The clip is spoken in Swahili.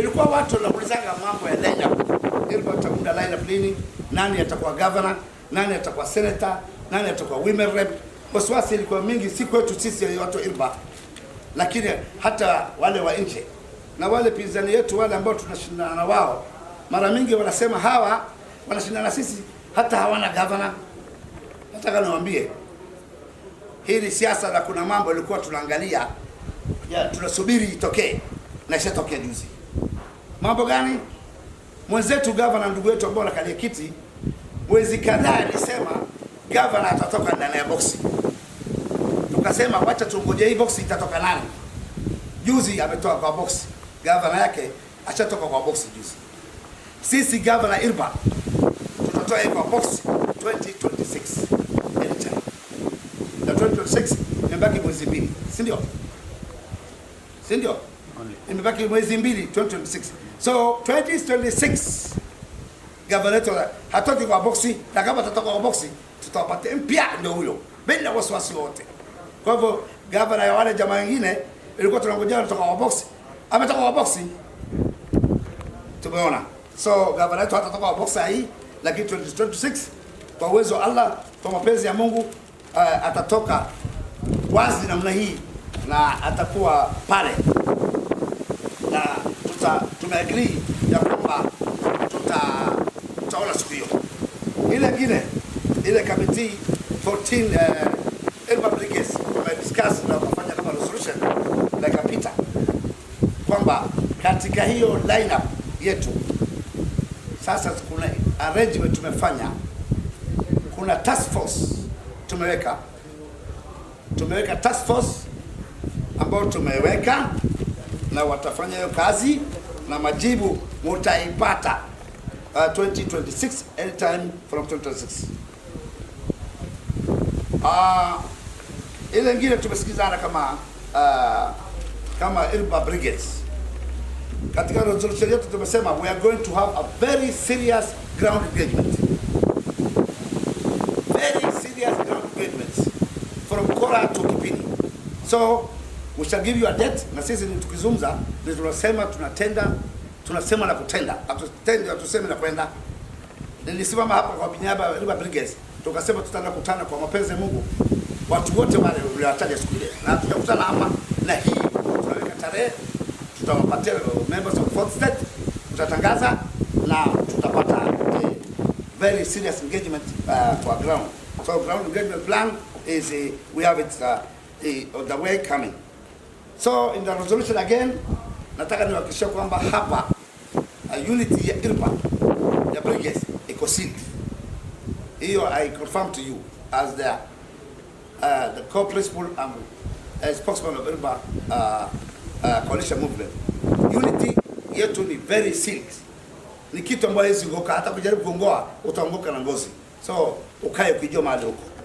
Ilikuwa watu wanaulizanga mambo ya lineup, ilikuwa tutaunda lineup lini, nani atakuwa governor, nani atakuwa senator, nani atakuwa women rep. Wasiwasi ilikuwa mingi, si kwetu sisi watu Ilba. lakini hata wale wa nje na wale pinzani yetu wale ambao tunashindana wao, mara mingi wanasema hawa wanashindana sisi, hata hawana governor. Nataka niwaambie hii ni siasa, na kuna mambo ilikuwa tunaangalia, tunasubiri itokee na ishatokea juzi. Mambo gani? Mwenzetu gavana, ndugu yetu ambao anakalia kiti, mwezi kadhaa alisema gavana atatoka ndani ya boksi, tukasema wacha tungoje hii boksi itatoka nani. Juzi ametoka kwa boksi, gavana yake ashatoka kwa boksi juzi. Sisi gavana Irba tutatoa kwa boksi 2026 election na 2026 imebaki mwezi mbili, si ndio? Si ndio? only, imebaki mwezi mbili 2026. So 2026 gava letu hatoki kwa boksi, na kama tatoka kwa boksi tutawapata mpya ndio huyo, bila wasiwasi wote. Kwa hivyo gavana ya wale jamaa wengine ilikuwa tunangojea anatoka kwa boksi, ametoka kwa boksi, tumeona. So gavana yetu hatatoka kwa boksi hii, lakini 2026 kwa uwezo wa Allah, kwa mapenzi ya Mungu uh, atatoka wazi namna hii na atakuwa pale sasa tumeagree ya kwamba tuta tutaona siku hiyo ile ingine ile committee 14 eh, Rodriguez discuss na kufanya kama resolution na kapita kwamba katika hiyo lineup yetu sasa kuna arrangement tumefanya, kuna task force tumeweka tumeweka task force ambayo tumeweka na watafanya hiyo kazi na majibu mutaipata uh, 2026 anytime from 2026. Ah, Uh, ile ingine tumesikizana kama uh, kama Irba Brigades katika resolution yetu tumesema we are going to have a very serious ground engagement, very serious ground engagement from Kora to Kipini, so we shall give you a date, na sisi ni tukizungumza ndio tunasema tunatenda tunasema na kutenda, hatutendi hatusemi na kwenda. Nilisimama hapa kwa Binyaba Liba Brigades, tukasema tutaenda kutana kwa mapenzi ya Mungu, watu wote wale uliwataja siku ile, na tutakutana hapa na hii tunaweka tarehe, tutawapatia members of fourth state, tutatangaza na tutapata very serious engagement uh, kwa ground. So ground engagement plan is uh, we have it uh, uh, the way coming. So in the resolution again, nataka niwahakikishie kwamba hapa a unity ya IRPA ya Bridges iko Sindi. Hiyo I confirm to you as the uh, the co-principal and uh, spokesman of IRPA uh, uh, coalition movement. Unity yetu ni very silk. Ni kitu ambayo hizi ngoka hata kujaribu kuongoa utaongoka na ngozi. So ukae ukijua mahali huko.